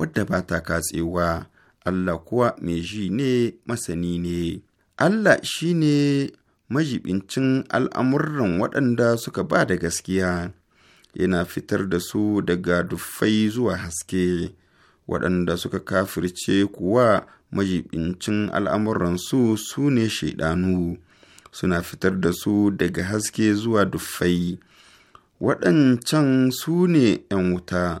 wadda ba ta katsewa Allah kuwa mai ji ne masani ne Allah shi ne majibincin al'amuran waɗanda suka ba da gaskiya yana fitar da su daga dufai zuwa haske waɗanda suka kafirce kuwa majibincin al'amuransu su ne shaidanu suna fitar da su daga haske zuwa duffai waɗancan su ne ‘yan wuta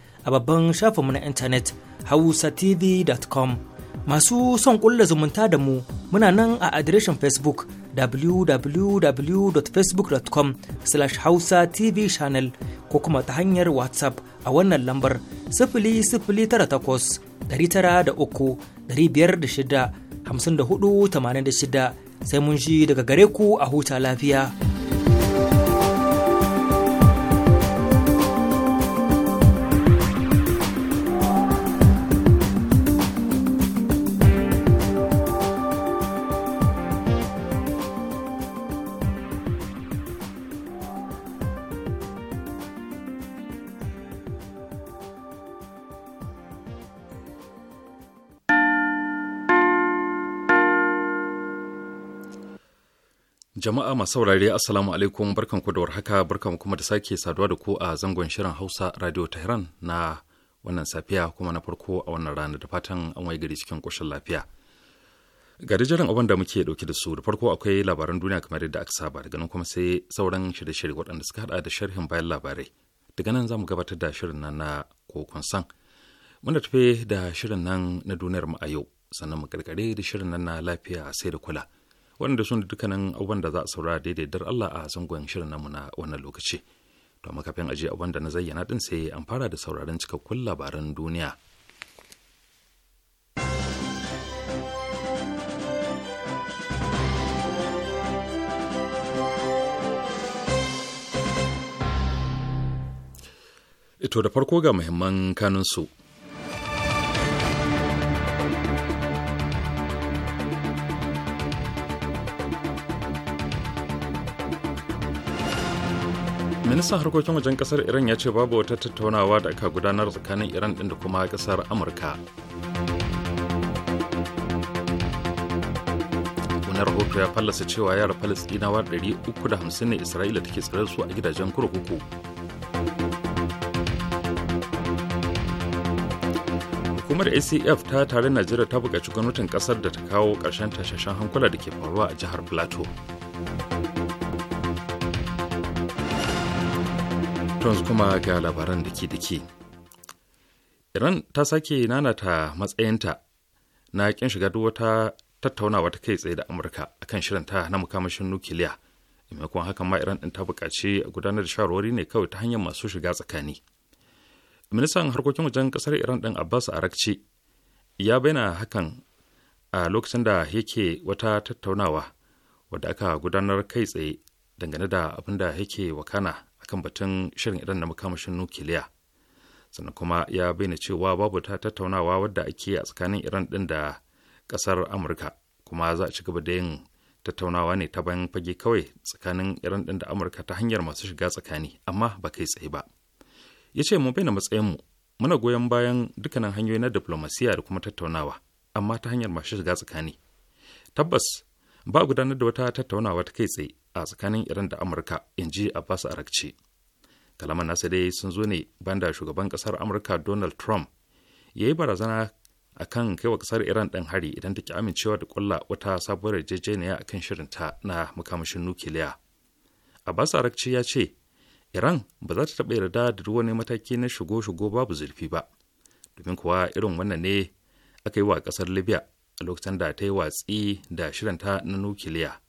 a babban shafinmu na intanet hausatv.com masu son kulla zumunta da mu muna nan a adireshin facebook www.facebook.com slash hausa tv channel ko kuma ta hanyar whatsapp a wannan lambar da shida hamsin da hudu tamanin da shida sai mun ji daga gare ku a huta lafiya. Jama'a masu saurare Assalamu alaikum barkanku da warhaka barkanku kuma da sake saduwa da ku a zangon shirin Hausa Radio Tehran na wannan safiya kuma na farko a wannan rana da fatan an waye gari cikin koshin lafiya. Ga jiran abin da muke dauke da su da farko akwai labaran duniya kamar yadda aka saba daga nan kuma sai sauran shirye-shirye waɗanda suka hada da sharhin bayan labarai. Daga nan za mu gabatar da shirin nan na kokon san. Muna tafe da shirin nan na duniyar mu a yau sannan mu karkare da shirin nan na lafiya sai da kula. waɗanda sun da dukkanin abubuwan da za a saurara daidai dar Allah a zangon shirin namu na wannan lokaci. To amma kafin aje abin da na zayyana din sai an fara da sauraron cikakkun labaran duniya. Ito da farko ga muhimman kanunsu. ministan harkokin wajen kasar iran ya ce babu wata tattaunawa da aka gudanar tsakanin iran din da kuma kasar amurka wani rahoto ya fallasa cewa yara falastinawa 350 ne isra'ila take tsare su a gidajen kurkuku hukumar acf ta tare najeriya ta buƙaci gwamnatin kasar da ta kawo ƙarshen tashashen hankula da ke faruwa a jihar plateau Tons kuma ga labaran da ke da ke. Iran ta sake nanata matsayinta na kin shiga duk wata tattaunawa ta kai tsaye da Amurka akan shirinta na mukamashin nukiliya. maimakon hakan ma Iran ta buƙaci a gudanar da shawarwari ne kawai ta hanyar masu shiga tsakani. Ministan harkokin wajen kasar Iran ɗin Abbas Arakci ya bayyana hakan a lokacin da yake wata tattaunawa wadda aka gudanar kai tsaye dangane da abin da yake wakana kan batun shirin idan na makamashin nukiliya sannan kuma ya bayyana cewa babu ta tattaunawa wadda ake a tsakanin iran din da kasar amurka kuma za a ci gaba da yin tattaunawa ne ta bayan fage kawai tsakanin iran din da amurka ta hanyar masu shiga tsakani amma ba kai tsaye ba ya ce mu bayyana mu muna goyon bayan dukkanin hanyoyi na diplomasiya da kuma tattaunawa amma ta hanyar masu shiga tsakani tabbas ba gudanar da wata tattaunawa ta kai tsaye a tsakanin Iran da Amurka, in ji Abbas Arakci. Kalaman nasa dai sun zo ne banda shugaban kasar Amurka Donald Trump ya yi barazana a kan kaiwa kasar Iran ɗan hari idan ta ki amincewa da ƙulla wata sabuwar yarjejeniya a kan shirinta na makamashin nukiliya. Abbas Arakci ya ce, Iran ba za ta taɓa yarda da duk wani mataki na shigo-shigo babu zurfi ba, domin kuwa irin wannan ne aka yi wa ƙasar Libya a lokacin da ta yi watsi da shirinta na nukiliya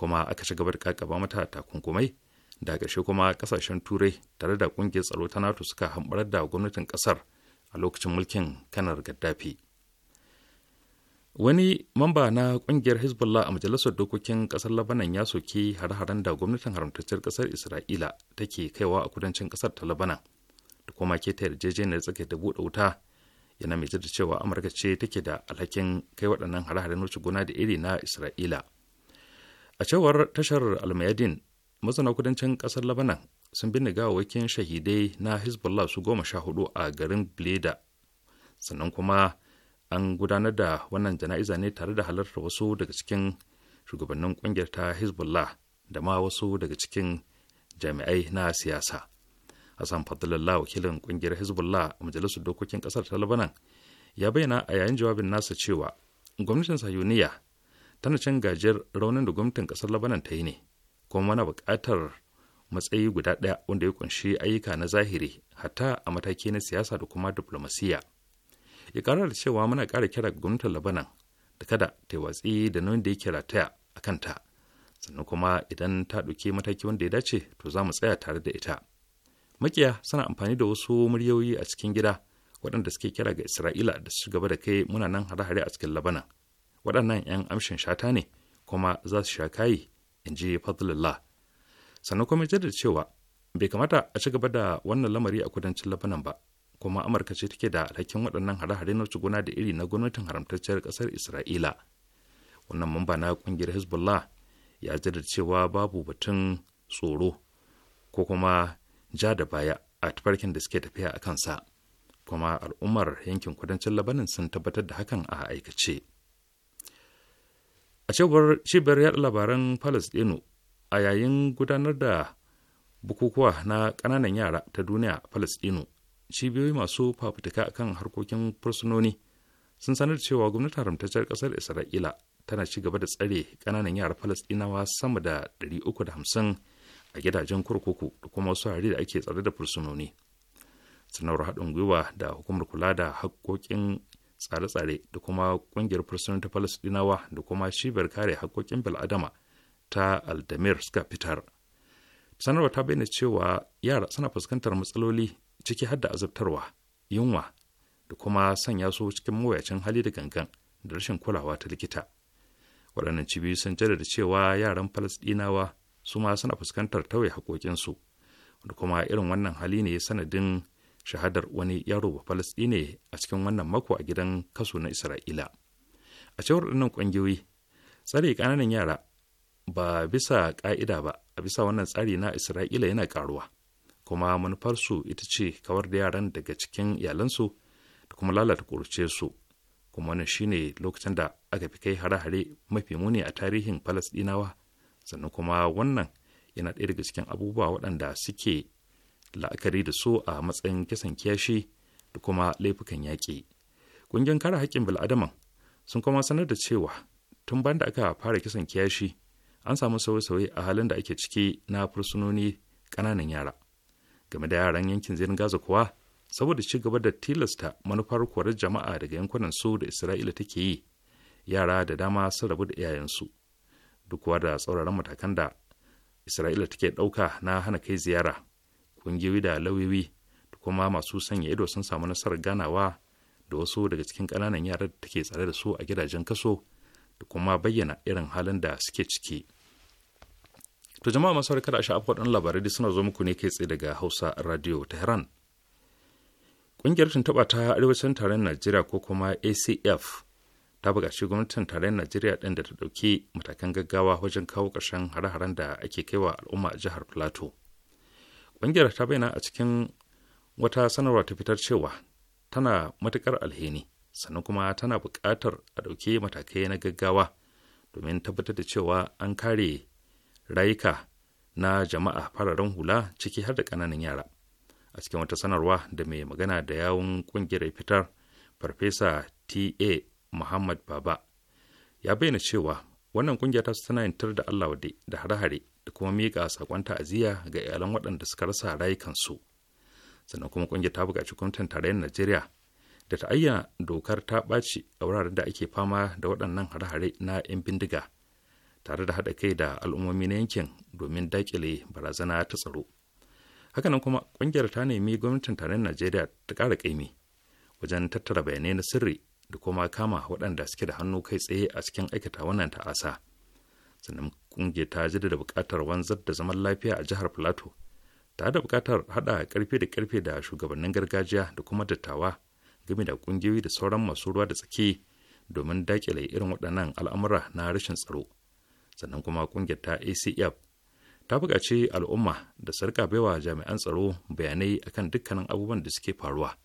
kuma aka ci gaba da kakaba mata takunkumai da ƙarshe kuma kasashen turai tare da ƙungiyar tsaro ta nato suka hambarar da gwamnatin ƙasar a lokacin mulkin kanar gaddafi wani mamba na ƙungiyar hezbollah a majalisar dokokin ƙasar labanan ya soke hare-haren da gwamnatin haramtacciyar ƙasar isra'ila take kaiwa a kudancin ƙasar ta labanan da kuma keta yarjejeniyar tsakiyar da buɗe wuta yana mai da cewa amurka ce take da alhakin kai waɗannan hare-haren wuce gona da iri na isra'ila a cewar tashar almayadin masana kudancin kasar labanan sun binne gawawakin shahidai na hezbollah su goma sha hudu a garin bleda sannan kuma an gudanar da wannan jana'iza ne tare da halartar wasu daga cikin shugabannin kungiyar ta hezbollah da ma wasu daga cikin jami'ai na siyasa hassan fadlallah wakilin kungiyar hezbollah a majalisar dokokin kasar ta labanan ya bayyana a yayin jawabin nasa cewa gwamnatin sayuniya tana can gajiyar raunin da gwamnatin kasar labanan ta yi ne kuma mana buƙatar matsayi guda ɗaya wanda ya kunshi ayyuka na zahiri hatta a mataki na siyasa da kuma diplomasiya ya ƙara da cewa muna ƙara kira gwamnatin labanan da kada ta watsi da nan da ya kira taya a kanta sannan kuma idan ta ɗauki mataki wanda ya dace to za mu tsaya tare da ita makiya suna amfani da wasu muryoyi a cikin gida waɗanda suke kira ga isra'ila da su gaba da kai muna nan hare-hare a cikin labanan waɗannan 'yan amshin shata ne kuma za su sha kayi in ji fadlullah sannan kuma da cewa bai kamata a ci gaba da wannan lamari a kudancin labanan ba kuma amurka ce take da alhakin waɗannan hare-hare na gona da iri na gwamnatin haramtacciyar ƙasar isra'ila wannan mamba na ƙungiyar hezbollah ya da cewa babu batun tsoro ko kuma ja da baya a tafarkin da suke tafiya a kansa kuma al'ummar yankin kudancin labanan sun tabbatar da hakan a aikace. a cibiyar yada labaran palestino a yayin gudanar da bukukuwa na kananan yara ta duniya palestino cibiyoyi masu fafutuka kan harkokin fursunoni sun sanar cewa gwamnati haramtacciyar kasar isra'ila tana ci gaba da tsare kananan yara palestinawa sama da 350 a gidajen kurkuku da kuma wasu hari da ake tsare da fursunoni sanarwar haɗin gwiwa da hukumar kula da haƙƙoƙin tsare-tsare da kuma kungiyar fursunan ta falasɗinawa da kuma cibiyar kare haƙƙoƙin bil'adama ta aldamir suka fitar sanarwa ta bayyana cewa yara suna fuskantar matsaloli ciki har da azabtarwa yunwa da kuma sanya su cikin mawuyacin hali da gangan da rashin kulawa ta likita waɗannan cibiyoyi sun jaddada cewa yaran falasɗinawa su ma suna fuskantar tauye haƙoƙinsu da kuma irin wannan hali ne sanadin shahadar wani yaro Falastine a cikin wannan mako a gidan kaso na Isra'ila. A cewar ɗannan ƙungiyoyi, tsare ƙananan yara ba bisa ƙa'ida ba a bisa wannan tsari na Isra'ila yana ƙaruwa, kuma manufarsu ita ce kawar da yaran daga cikin iyalansu da kuma lalata ƙurce su, kuma wannan shine lokacin da aka fi kai hare-hare mafi muni a tarihin Falasɗinawa, sannan kuma wannan yana ɗaya daga cikin abubuwa waɗanda suke la'akari da su a matsayin kisan kiyashi da kuma laifukan yaƙi ƙungiyar kare haƙƙin bil'adaman sun kuma sanar da cewa tun banda aka fara kisan kiyashi an samu sauye-sauye a halin da ake ciki na fursunoni ƙananan yara game da yaran yankin zirin gaza kuwa saboda ci gaba da tilasta manufar korar jama'a daga yankunan su da isra'ila take yi yara da dama sun rabu da iyayensu duk da tsauraran matakan da isra'ila take ɗauka na hana kai ziyara kungiyoyi da lauyoyi da kuma masu sanya ido sun samu nasarar ganawa da wasu daga cikin ƙananan yaran da take tsare da su a gidajen kaso da kuma bayyana irin halin da suke ciki. To jama'a masu harkar a sha'afar ɗan labarai da suna zo muku ne kai tsaye daga Hausa Radio Tehran. Ƙungiyar tuntuɓa ta Arewacin Tarayyar Najeriya ko kuma ACF ta buƙaci gwamnatin tarayyar Najeriya ɗin da ta ɗauki matakan gaggawa wajen kawo ƙarshen hare-haren da ake kaiwa al'umma a jihar Plateau. Ƙungiyar ta bayyana a cikin wata sanarwa ta fitar cewa tana matuƙar alheni sannan kuma tana buƙatar a ɗauki matakai na gaggawa domin tabbatar da cewa an kare rayuka na jama'a fararen hula ciki har da ƙananan yara. A cikin wata sanarwa da mai magana da yawun ƙungiyar fitar Farfesa T.A. Muhammad Baba ya bayyana cewa wannan ƙungiya ta tana yin da Allah da hare-hare da kuma miƙa sakon ta'aziyya ga iyalan waɗanda suka rasa rayukansu sannan kuma ƙungiyar ta buƙaci gwamnatin tarayyar najeriya da ta ayyana dokar ta ɓaci a wuraren da ake fama da waɗannan hare-hare na 'yan bindiga tare da haɗa kai da al'ummomi na yankin domin daƙile barazana ta tsaro hakanan kuma ƙungiyar ta nemi gwamnatin tarayyar najeriya ta ƙara ƙaimi wajen tattara bayanai na sirri da kuma kama waɗanda suke da hannu kai tsaye a cikin aikata wannan ta'asa sannan kungiyar ta da bukatar wanzar da zaman lafiya a jihar plateau ta da bukatar hada karfe da karfe da shugabannin gargajiya da kuma dattawa game da kungiyoyi da sauran masu ruwa da tsaki domin daƙile irin waɗannan al'amura na rashin tsaro sannan kuma kungiyar ta acf ta buƙaci al'umma da sarƙa baiwa jami'an tsaro bayanai akan dukkanin abubuwan da suke faruwa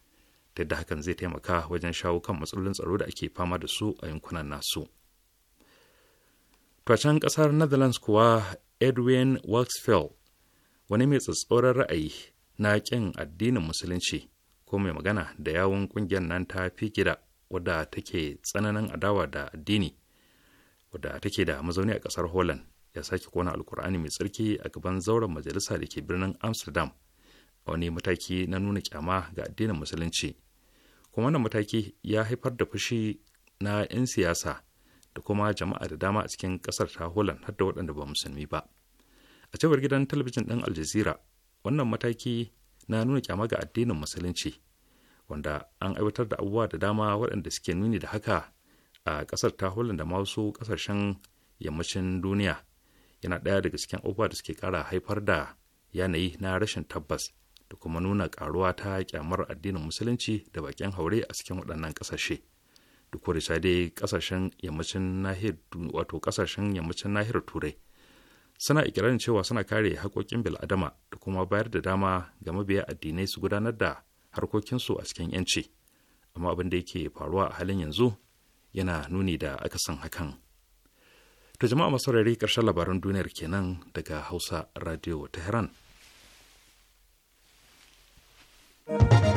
ta yadda hakan zai taimaka wajen shawo kan matsalolin tsaro da ake fama da su a yankunan nasu. To ƙasar Netherlands kuwa Edwin Waxfield wani mai tsatsoron ra'ayi na ƙin addinin musulunci ko mai magana da yawon ƙungiyar nan ta fi gida wadda take tsananin adawa da addini wadda take da mazauni a ƙasar Holland ya sake kona alkur'ani mai tsarki a gaban zauren majalisa da ke birnin Amsterdam a wani mataki na nuna kyama ga addinin musulunci. Kuma wannan mataki ya haifar da fushi na 'yan siyasa da kuma jama'a da dama a cikin kasar ta Holland har da waɗanda ba musulmi ba. A cewar gidan talabijin ɗin Al Jazeera, wannan mataki na nuna kyama ga addinin musulunci, wanda an aiwatar da abubuwa da dama waɗanda suke nuni da haka a ƙasar ta Holland da masu ƙasashen yammacin duniya. Yana ɗaya daga cikin abubuwa da suke ƙara haifar da yanayi na rashin tabbas da kuma nuna ƙaruwa ta kyamar addinin musulunci da baƙin haure a cikin waɗannan ƙasashe. duk da dai kasashen yammacin nahiyar wato kasashen yammacin nahiyar turai suna ikirarin cewa suna kare haƙoƙin bil'adama da kuma bayar da dama ga mabiya addinai su gudanar da harkokinsu a cikin yanci amma abin da yake faruwa a halin yanzu yana nuni da akasin hakan to jama'a masu rari ƙarshen labaran duniyar kenan daga hausa radio tehran thank you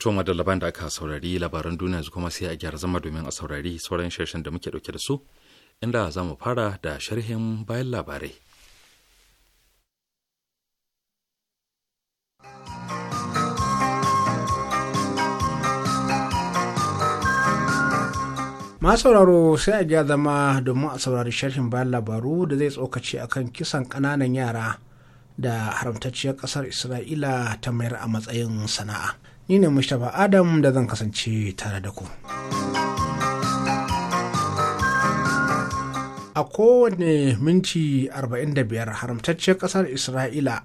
Toma da da aka saurari labaran duniya yanzu kuma sai a gyara zama domin a saurari sauran shirshen da muke dauke da su inda za mu fara da sharhin bayan labarai. ma sauraro sai a gyara zama domin a saurari sharhin bayan labaru da zai tsokaci akan kisan ƙananan yara da haramtacciyar ƙasar isra'ila ta mayar a matsayin sana'a ni ne mustapha adam da zan kasance tare da ku a kowane minti 45 haramtacce ƙasar isra'ila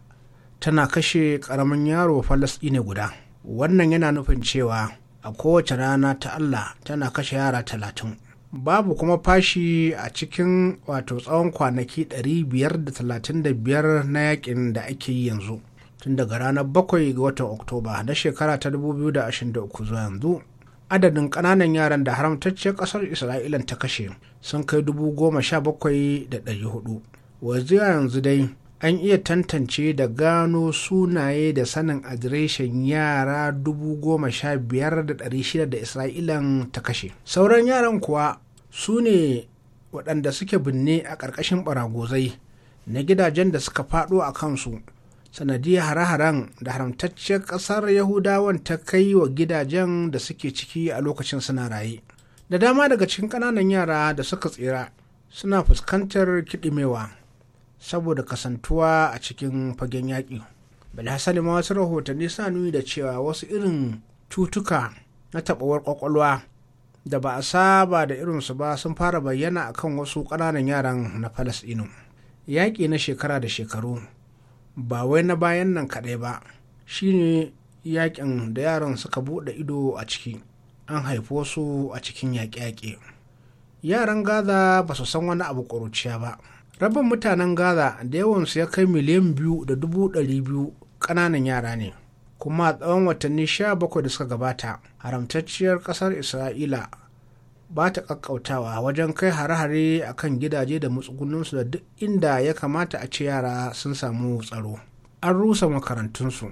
tana kashe ƙaramin yaro ne guda wannan yana nufin cewa a kowace rana ta allah tana kashe yara talatin babu kuma fashi a cikin wato tsawon kwanaki 535 na yakin da ake yi yanzu tun daga ranar 7 ga watan oktoba na shekara ta 2023 zuwa yanzu adadin kananan yaran da haramtacciyar kasar Isra'ila ta kashe sun kai 17,400 wanzu yanzu dai an iya tantance da gano sunaye da sanin adireshin yara 15,600 da isra'ilan ta kashe sauran yaran kuwa su ne waɗanda suke binne a ƙarƙashin ɓaragozai na gidajen da suka faɗo a kansu sanadiyar hare-haren da haramtacciyar ƙasar yahudawan ta kai wa gidajen da suke ciki a lokacin suna raye da dama daga cikin ƙananan yara da suka tsira suna fuskantar kiɗimewa saboda kasantuwa a cikin fagen yaƙi hasali ma wasu rahotanni suna nuni da cewa wasu irin cutuka na taɓawar ƙwaƙwalwa da ba a saba da irinsu ba sun fara bayyana akan wasu ƙananan yaran na falasɗinu yaƙi na shekara da shekaru ba wai na bayan nan kaɗai ba shine yakin da yaran suka buɗe ido a ciki an haifo su a cikin yaƙe-yaƙe yaran gaza ba su san wani abu ƙuruciya ba rabin mutanen gaza da yawansu ya kai miliyan biyu da dubu ɗari biyu ƙananan yara ne kuma a tsawon watanni sha bakwai da suka gabata haramtacciyar ƙasar isra'ila ba ta kakkautawa wajen kai hare-hare a kan gidaje da matsugunninsu da duk inda ya kamata a ce yara sun samu tsaro an rusa makarantunsu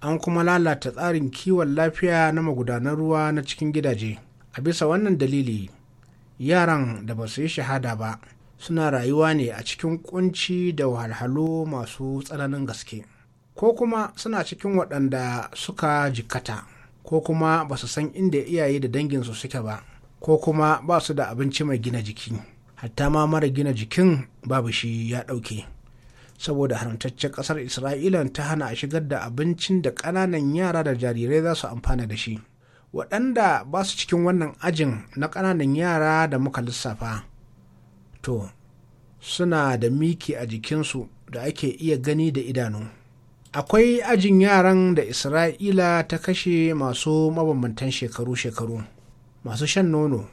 an kuma lalata tsarin kiwon lafiya na magudanan ruwa na cikin gidaje a bisa wannan dalili yaran da ba su yi shahada ba suna rayuwa ne a cikin kunci da wahalhalu masu tsananin gaske ko kuma suna cikin waɗanda suka jikkata ko kuma ba su san inda iyaye da danginsu suke ba ko kuma ba su da abinci mai gina jiki hatta ma mara gina jikin babu shi ya ɗauke saboda haramtaccen ƙasar isra'ila ta hana a shigar da abincin da ƙananan yara da jarirai za su amfana da shi waɗanda ba su cikin wannan ajin na ƙananan yara da muka lissafa to suna da miki a jikinsu da ake iya gani da idanu akwai ajin yaran da isra'ila ta kashe masu mabambantan shekaru-shekaru masu shan nono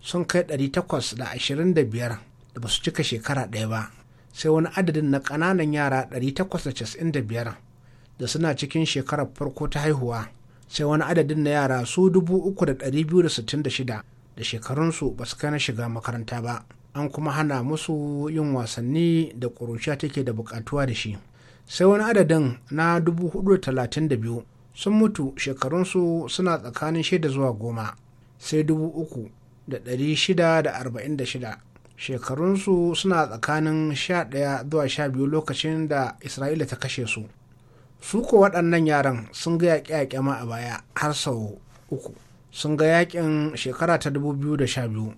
sun kai 825 da ba su cika shekara ɗaya ba sai wani adadin na ƙananan yara 895 da suna cikin shekarar farko ta haihuwa sai wani adadin na yara su 3,266 da shekarunsu ba su kai na shiga makaranta ba an kuma hana musu yin wasanni da ƙuruciya take da buƙatuwa da shi sai wani adadin na 432 sun mutu shekarunsu suna tsakanin shaida zuwa goma sai da shida 3,646 shekarunsu suna tsakanin 11 zuwa 12 lokacin da isra'ila ta kashe su su ko waɗannan yaran sun ga yaƙe-yaƙe ma a baya har sau uku sun ga yaƙin shekara ta 2012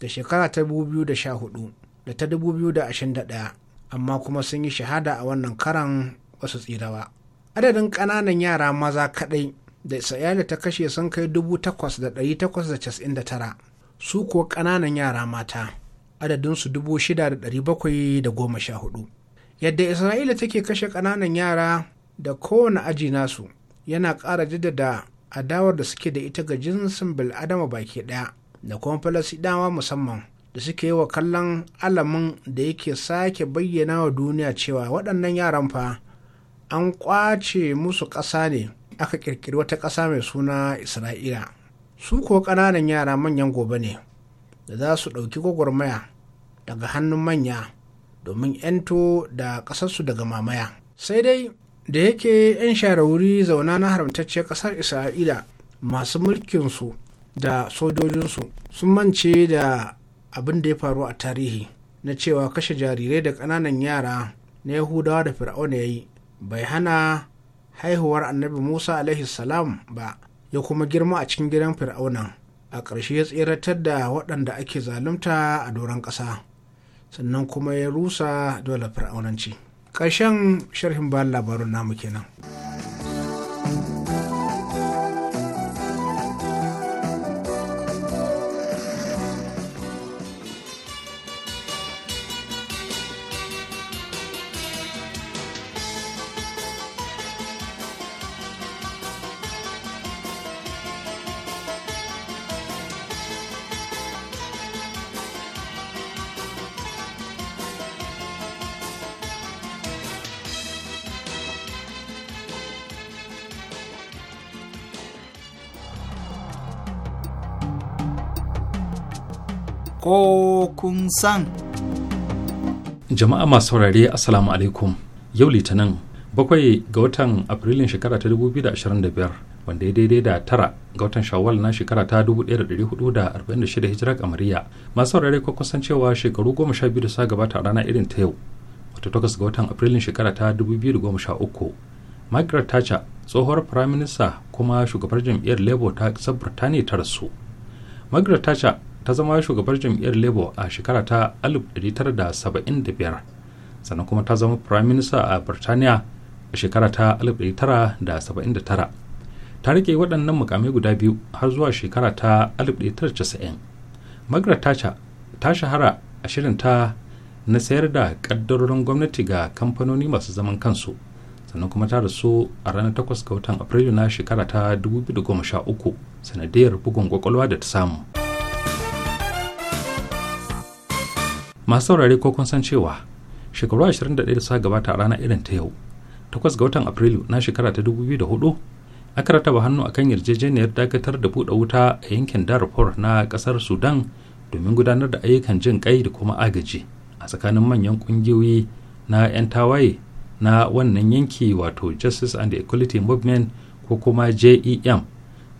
da shekara ta 2014 da ta 2021 amma kuma sun yi shahada a wannan karan wasu tsirawa adadin ƙananan yara maza kaɗai da isra'ila ta kashe sun kai 8,899 su kuwa ƙananan yara mata adadinsu 6,714 yadda isra'ila take kashe ƙananan yara da kowane aji nasu yana ƙara jaddada adawar da suke da ita ga jinsin bil'adama baki ɗaya da kuma falasidawa musamman da suke yi wa kallon alamin da yake sake bayyana wa duniya cewa waɗannan yaran fa an ƙwace musu ƙasa ne aka kirkiri wata ƙasa mai suna isra'ila su kuwa ƙananan yara manyan gobe ne da za su ɗauki gwagwarmaya daga hannun manya domin 'yanto da ƙasarsu daga mamaya sai dai da yake 'yan share wuri zauna na haramtacciyar ƙasar isra'ila masu mulkinsu da sojojinsu sun mance da abin da ya faru a tarihi na cewa kashe jarirai da ƙananan yara na yahudawa da fir'auna ya yi bai hana haihuwar annabi musa alaihi salam ba ya kuma girma a cikin gidan fir'auna a ƙarshe ya tseratar da waɗanda ake zalunta a doron ƙasa sannan kuma ya rusa dole fir'aunanci ƙarshen sharhin bayan labarun namu kenan. ko kun san. Jama'a masu saurare Assalamu alaikum yau litinin bakwai ga watan Afrilun shekara ta 2025 wanda ya daidai da tara ga watan shawwal na shekara ta 1446 hijira kamariya masu saurare ko kusan cewa shekaru goma sha biyu da sa gabata a rana irin ta yau wata takwas ga watan Afrilun shekara ta 2013 Margaret Thatcher tsohuwar firaminista kuma shugabar jam'iyyar Labour ta ƙasar Birtaniya ta rasu. Margaret Thatcher ta zama shugabar jam'iyyar labour a shekara ta 1975 sannan kuma ta zama prime minister a birtaniya a shekara ta 1979 ta rike waɗannan mukamai guda biyu har zuwa shekara ta 1990 margaret thatcher ta shahara a shirinta na sayar da ƙaddarorin gwamnati ga kamfanoni masu zaman kansu sannan kuma ta rasu a ranar 8 ga watan afrilu na shekara ta 2013 sanadiyar bugun kwakwalwa da ta samu. masu saurare ko kun san cewa shekaru 21 da suka gabata a ranar irin ta yau takwas ga watan afrilu na shekara ta 2004 aka rataba hannu a kan yarjejeniyar dakatar da buɗe wuta a yankin darfur na ƙasar sudan domin gudanar da ayyukan jin kai da kuma agaji a tsakanin manyan ƙungiyoyi na 'yan tawaye na wannan yanki wato justice and equality movement ko kuma jem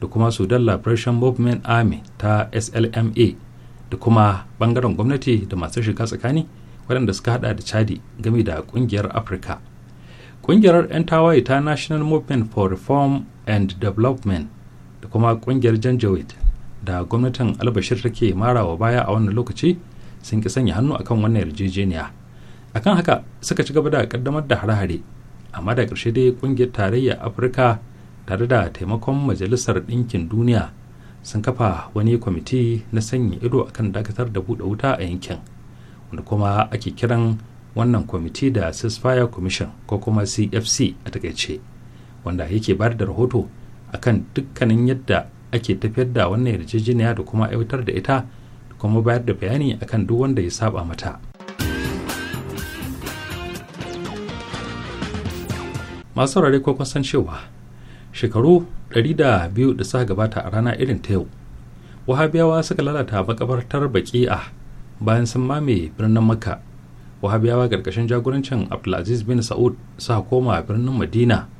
da kuma sudan liberation movement army ta slma da kuma bangaren gwamnati da masu shiga tsakani waɗanda suka hada da chadi game da kungiyar afirka kungiyar 'yan tawaye ta national movement for reform and development da kuma kungiyar janjawid da gwamnatin albashir take wa baya a wannan lokaci sun ki sanya hannu akan wannan yarjejeniya akan haka suka ci gaba da kaddamar da hare-hare amma da ƙarshe dai kungiyar tarayya afirka tare da taimakon majalisar ɗinkin duniya sun kafa wani kwamiti na sanya ido a kan dakatar da buɗe wuta a yankin wanda kuma ake kiran wannan kwamiti da ceasefire commission ko kuma cfc a takaice wanda yake bayar da rahoto a kan dukkanin yadda ake tafiyar da wannan yarjejeniya da kuma aiwatar da ita da kuma bayar da bayani a kan duk wanda ya saba mata masu rarrai ko cewa shekaru ɗari da biyu da suka gabata a rana irin ta yau wahabiyawa suka lalata makabartar baki'a bayan sun mame birnin makka wahabiyawa ƙarƙashin jagorancin abdulaziz bin sa'ud suka koma birnin madina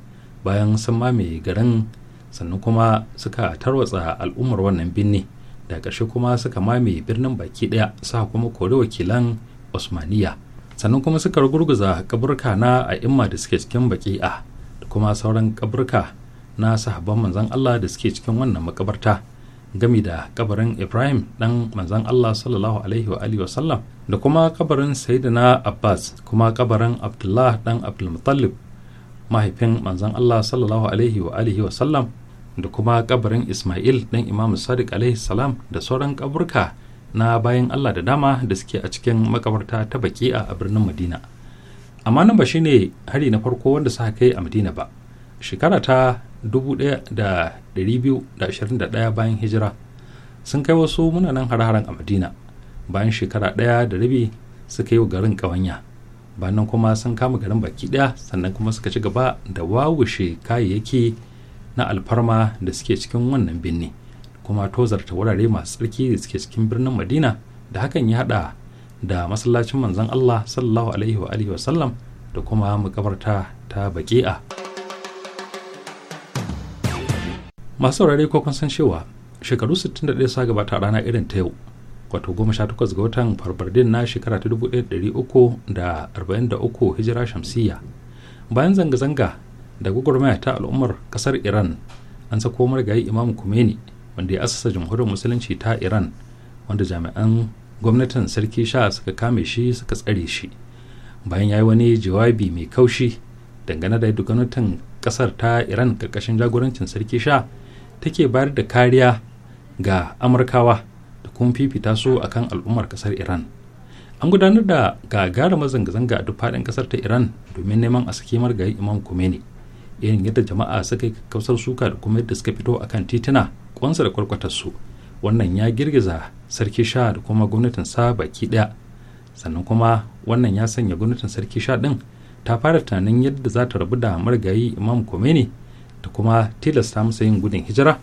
bayan sun mame garin sannan kuma suka tarwatsa al'ummar wannan birni da ƙarshe kuma suka mame birnin baki ɗaya suka kuma kori wakilan osmaniya sannan kuma suka rugurguza kaburka na a'imma da suke cikin baki'a da kuma sauran kaburka na sahabban manzan Allah da suke cikin wannan makabarta gami da kabarin Ibrahim dan manzan Allah sallallahu alaihi wa alihi wasallam da kuma kabarin Sayyidina Abbas kuma kabarin Abdullah dan Abdul Muttalib mahaifin manzan Allah sallallahu alaihi wa alihi wasallam da kuma kabarin Ismail dan Imam Sadiq alaihi salam da sauran kaburka na bayan Allah da dama da suke a cikin makabarta ta baki'a a birnin Madina. amma nan ba shine hari na farko wanda suka kai a madina ba shekara ta 1221 bayan hijira sun kai wasu munanan har-haren a madina bayan shekara ɗaya da rabi suka yi wa garin ƙawanya bayan kuma sun kama garin baki ɗaya sannan kuma suka ci gaba da wawushe kayayyaki na alfarma da suke cikin wannan birni kuma tozarta wurare masu tsarki da suke cikin birnin madina da hakan ya haɗa da masallacin manzon allah sallallahu alaihi wa sallam da kuma makabarta ta baki'a. masu saurari ko kun san cewa shekaru 61 sa gabata a rana irin ta yau wato 18 ga watan farfardin na shekara ta 1343 hijira shamsiyya bayan zanga-zanga da gwagwarmaya ta al'ummar kasar iran an sako marigayi imam kumeni wanda ya asasa jamhuriyar musulunci ta iran wanda jami'an gwamnatin sarki sha suka kame shi suka tsare shi bayan ya yi wani jawabi mai kaushi dangane da yadda gwamnatin kasar ta iran karkashin jagorancin sarki sha take bayar da kariya ga amurkawa da kuma fifita su akan al'ummar kasar iran an gudanar da gagarumar zanga-zanga a duk faɗin ƙasar ta iran domin neman a sake margayi imam kumeni irin yadda jama'a suka yi kausar suka da kuma yadda suka fito a kan tituna kwansa da kwarkwatarsu wannan ya girgiza sarki sha da kuma gwamnatin sa baki ɗaya sannan kuma wannan ya sanya gwamnatin sarki sha ɗin ta fara tunanin yadda za ta rabu da margayi imam komeni da kuma tilasta masa yin gudun hijira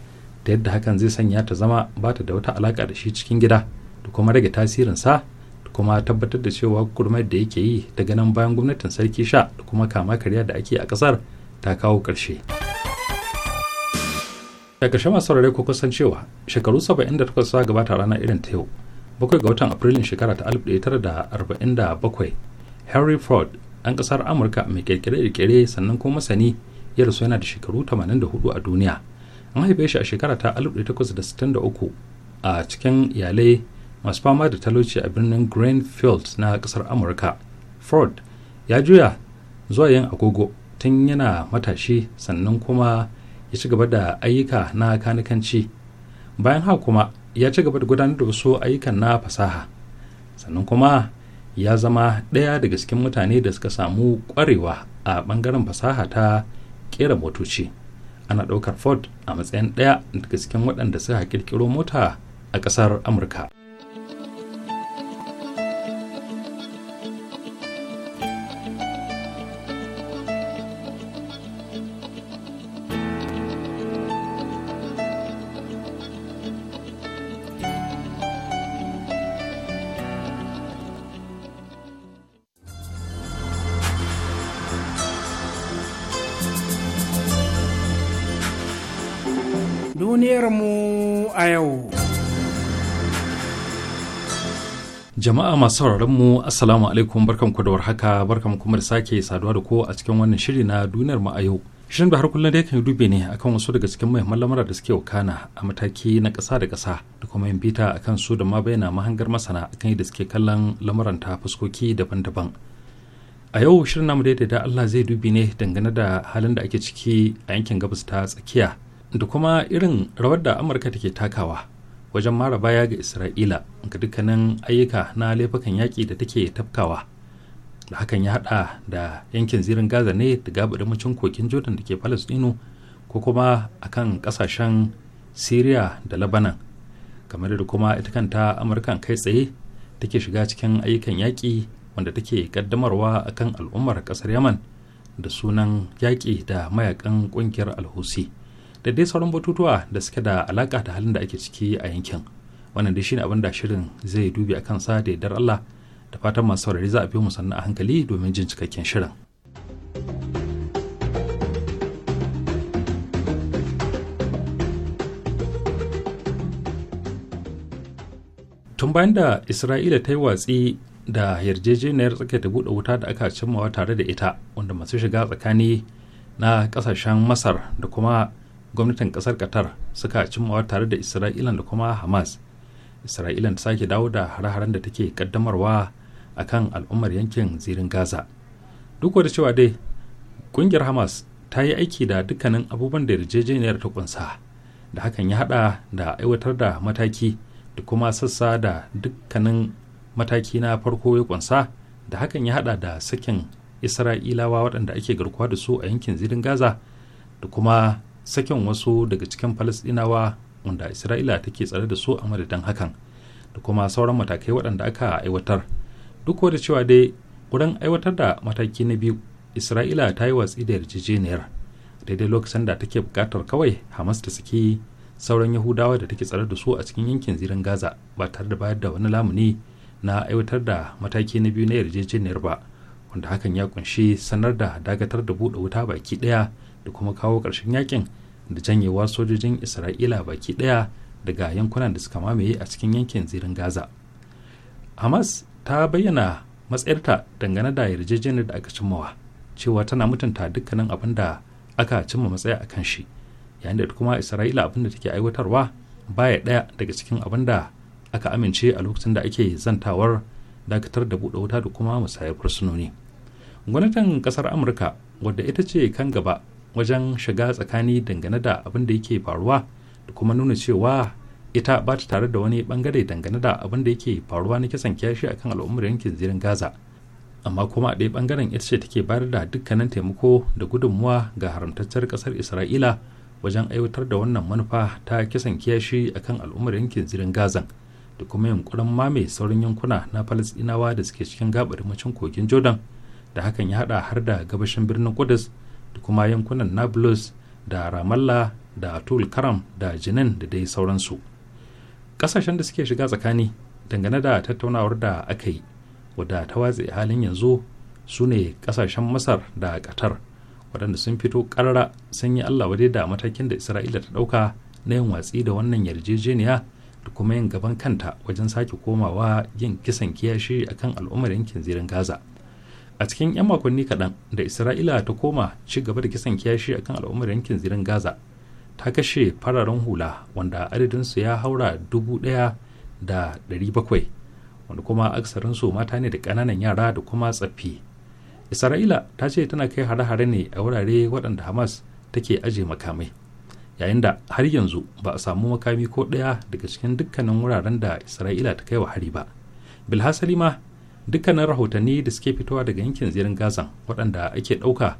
ta yadda hakan zai sanya ta zama ba ta da wata alaka da shi cikin gida da kuma rage tasirinsa da kuma tabbatar da cewa gurmar da yake yi daga nan bayan gwamnatin sarki sha da kuma kama karya da ake a ƙasar ta kawo ƙarshe. da ƙarshe masu saurare ko kusan cewa shekaru 78 suka gabata ranar irin ta yau bakwai ga watan afrilun shekara ta 1947 henry ford ɗan ƙasar amurka mai kirkire-kirkire sannan kuma masani ya rasu yana da shekaru 84 a duniya an haife shi a shekara ta 1863 a cikin iyalai masu fama da talauci a birnin greenfield na kasar amurka ford ya juya zuwa yin agogo tun yana matashi sannan kuma ya ci gaba da ayyuka na kanikanci bayan haka kuma ya ci gaba da gudanar da wasu ayyukan na fasaha sannan kuma ya zama ɗaya daga cikin mutane da suka samu ƙwarewa a ɓangaren fasaha ta kera motoci ana ɗaukar ford a matsayin ɗaya daga cikin waɗanda suka kirkiro mota a ƙasar amurka duniyarmu a yau. Jama'a masu sauraron mu Assalamu alaikum barkanku da warhaka barkan kuma da sake saduwa da ko a cikin wannan shiri na duniyar mu a yau. Shirin da har kullum da yakan dube ne akan wasu daga cikin muhimman lamura da suke wakana a mataki na ƙasa da ƙasa da kuma yin bita akan su da ma bayyana mahangar masana akan yadda suke kallon lamuran ta fuskoki daban-daban. a yau shirin namu daidai da Allah zai dubi ne dangane da halin da ake ciki a yankin gabas ta tsakiya da kuma irin rawar da amurka take takawa wajen mara baya ga isra'ila ga dukkanin ayyuka na laifukan yaƙi da take tafkawa da hakan ya hada da yankin zirin gaza ne da gabadamacin kokin jordan da ke palestino ko kuma akan ƙasashen syria da labanan kamar da kuma ita kanta amurkan kai tsaye take shiga cikin ayyukan yaƙi wanda take kaddamarwa akan al'ummar ƙasar yaman da sunan yaƙi da mayakan ƙungiyar alhusi da dai sauran batutuwa da suke da alaka da halin da ake ciki a yankin wannan dai shine abin da shirin zai dubi akan sa da yardar Allah da fatan masu saurari za a biyo mu sannu a hankali domin jin cikakken shirin tun bayan da isra'ila ta yi watsi da yarjejeniyar tsakiyar ta buɗe wuta da aka cimmawa tare da ita wanda masu shiga tsakani na kasashen masar da kuma gwamnatin kasar qatar suka cimmawa tare da isra'ila da kuma hamas isra'ila ta sake dawo da hare-haren da take kaddamarwa a kan al'ummar yankin zirin gaza duk da cewa dai kungiyar hamas ta yi aiki da dukkanin abubuwan da yarjejeniyar ta kunsa da hakan ya hada da aiwatar da mataki da kuma sassa da dukkanin mataki na farko ya kunsa da hakan ya hada da sakin isra'ilawa waɗanda ake garkuwa da su a yankin zirin gaza da kuma sakin wasu daga cikin falasɗinawa wanda isra'ila take tsare da su a madadin hakan da kuma sauran matakai waɗanda aka aiwatar duk da cewa dai wurin aiwatar da mataki na biyu isra'ila ta yi watsi da yarjejeniyar daidai lokacin da take buƙatar kawai hamas ta saki sauran yahudawa da take tsare da su a cikin yankin zirin gaza ba tare da bayar da wani lamuni na aiwatar da mataki na biyu na yarjejeniyar ba wanda hakan ya kunshi sanar da dagatar da buɗe wuta baki ɗaya da kuma kawo ƙarshen yakin da janyewar sojojin isra'ila baki ɗaya daga yankunan da suka mamaye a cikin yankin zirin gaza hamas ta bayyana matsayarta dangane da yarjejeniyar da aka cimmawa cewa tana mutunta dukkanin abin da aka cimma matsaya a kan shi yayin da kuma isra'ila abin da take aiwatarwa baya ɗaya daga cikin abin da aka amince a lokacin da ake zantawar dakatar da buɗe wuta da kuma musayar fursunoni gwamnatin ƙasar amurka wadda ita ce kan gaba wajen shiga tsakani dangane da abin da yake faruwa da kuma nuna cewa ita ba ta tare da wani bangare dangane da abin da yake faruwa na kisan kiyashi akan al'ummar yankin zirin gaza amma kuma a ɗaya bangaren ita ce take bayar da dukkanin taimako da gudunmuwa ga haramtaccen ƙasar isra'ila wajen aiwatar da wannan manufa ta kisan kiyashi akan al'ummar yankin zirin gazan da kuma yunkurin mame sauran yankuna na falasɗinawa da suke cikin gabar macin kogin jordan da hakan ya haɗa har da gabashin birnin kudus da kuma yankunan nablus da ramallah da atul karam da jinin da dai sauransu ƙasashen da suke shiga tsakani dangane da tattaunawar da aka yi wadda ta watsi halin yanzu su ne ƙasashen masar da qatar waɗanda sun fito ƙarara sun yi allah wadai da matakin da isra'ila ta ɗauka na yin watsi da wannan yarjejeniya da kuma yin gaban kanta wajen sake komawa yin kisan kiyashi akan al'ummar yankin zirin gaza a cikin 'yan makonni kaɗan da isra'ila ta koma ci gaba da kisan kiyashi kan al'ummar yankin zirin gaza ta kashe fararen hula wanda adadinsu ya haura dubu ɗaya da ɗari bakwai wanda kuma aksarinsu mata ne da ƙananan yara da kuma tsaffi isra'ila ta ce tana kai hare-hare ne a wurare waɗanda hamas take aje makamai yayin da har yanzu ba a samu makami ko ɗaya daga cikin dukkanin wuraren da isra'ila ta kai wa hari ba bilhassali ma dukkanin rahotanni da suke fitowa daga yankin zirin gazan waɗanda ake ɗauka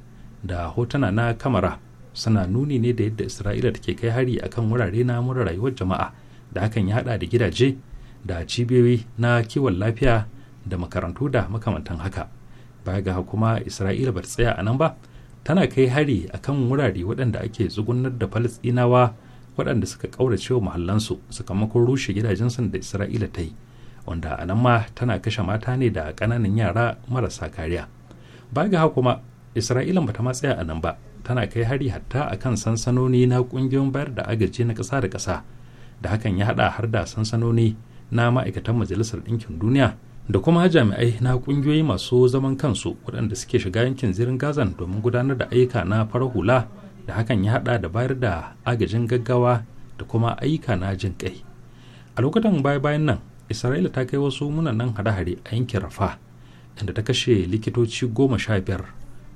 da hotuna na kamara suna nuni ne da yadda isra'ila take kai hari akan wurare na mura rayuwar jama'a da hakan ya haɗa da gidaje da cibiyoyi na kiwon lafiya da makarantu da makamantan haka baya ga kuma isra'ila bata tsaya a nan ba tana kai hari akan wurare waɗanda ake tsugunar da falastinawa waɗanda suka ƙauracewa wa mahallansu sakamakon rushe gidajensu da isra'ila ta yi wanda a nan ma tana kashe mata ne da ƙananan yara marasa kariya ba ga kuma isra'ila ba ta matsaya a nan ba tana kai hari hatta a kan sansanoni na ƙungiyoyin bayar da agaji na ƙasa da ƙasa da hakan ya haɗa har da sansanoni na ma'aikatan majalisar ɗinkin duniya da kuma jami'ai na ƙungiyoyi masu zaman kansu waɗanda suke shiga yankin zirin gazan domin gudanar da ayyuka na farar hula da hakan ya haɗa da bayar da agajin gaggawa da kuma ayyuka na jin kai a lokutan baya-bayan nan isra'ila ta kai wasu munanan hare-hare a yankin rafa inda ta kashe likitoci goma sha biyar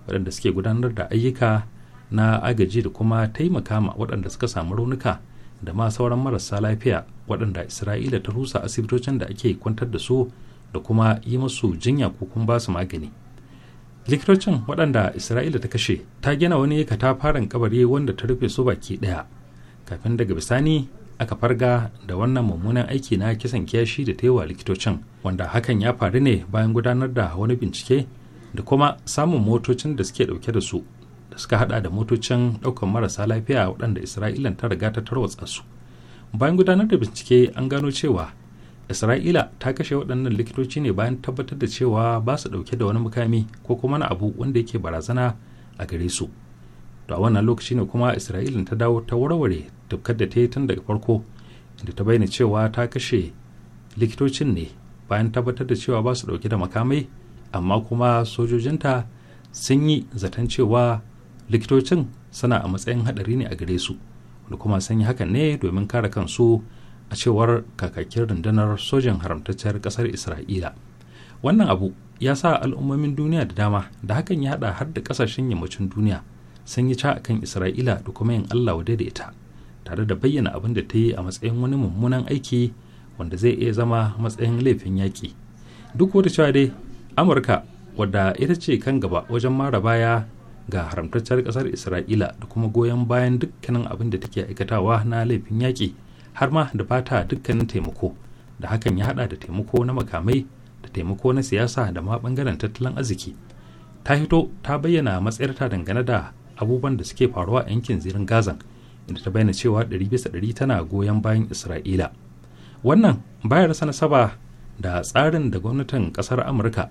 waɗanda suke gudanar da ayyuka na agaji da kuma taimaka ma waɗanda suka samu raunuka da ma sauran marasa lafiya waɗanda isra'ila ta rusa asibitocin da ake kwantar da su da kuma yi masu jinya ko kuma basu magani likitocin waɗanda isra'ila ta kashe ta gina wani katafaren kabari wanda ta rufe su baki ɗaya kafin daga bisani aka farga da wannan mummunan aiki na kisan kiyashi da taiwa likitocin wanda hakan ya faru ne bayan gudanar da wani bincike da kuma samun motocin da suke dauke da su da suka hada da motocin daukan marasa lafiya waɗanda isra'ila ta riga ta tarwatsa su bayan gudanar da bincike an gano cewa isra'ila ta kashe waɗannan likitoci ne bayan tabbatar da cewa ba su dauke da wani mukami ko kuma na abu wanda yake barazana a gare su to a wannan lokaci ne kuma isra'ilin ta dawo ta warware tafkar da ta yi tun daga farko inda ta bayyana cewa ta kashe likitocin ne bayan tabbatar da cewa ba su dauke da makamai amma kuma sojojinta sun yi zaton cewa likitocin suna a matsayin hadari ne a gare su wanda kuma sun yi hakan ne domin kare kansu a cewar kakakin rundunar sojan haramtacciyar kasar isra'ila wannan abu ya sa al'ummomin duniya da dama da hakan ya hada har da kasashen yammacin duniya sun yi ca akan kan isra'ila da kuma yin allah wa da tare da bayyana abin da ta yi a matsayin wani mummunan aiki wanda zai iya zama matsayin laifin yaƙi duk wata cewa dai amurka wadda ita ce kan gaba wajen mara baya ga haramtacciyar ƙasar isra'ila da kuma goyon bayan dukkanin abin da take aikatawa na laifin yaƙi har ma da fata dukkanin taimako da hakan ya haɗa da taimako na makamai da taimako na siyasa da ma bangaren tattalin arziki ta hito ta bayyana matsayarta dangane da abubuwan da suke faruwa a yankin zirin gaza inda ta bayyana cewa 100% tana goyon bayan isra'ila wannan bayar rasa nasaba da tsarin da gwamnatin kasar amurka